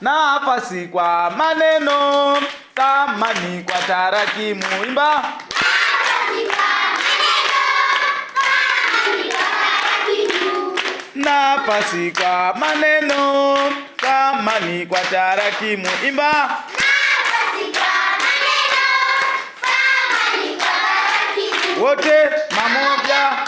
na hapa si kwa maneno, thamani kwa tarakimu. Imba nafasi kwa maneno, thamani kwa tarakimu. Imba wote mamoja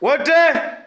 What day?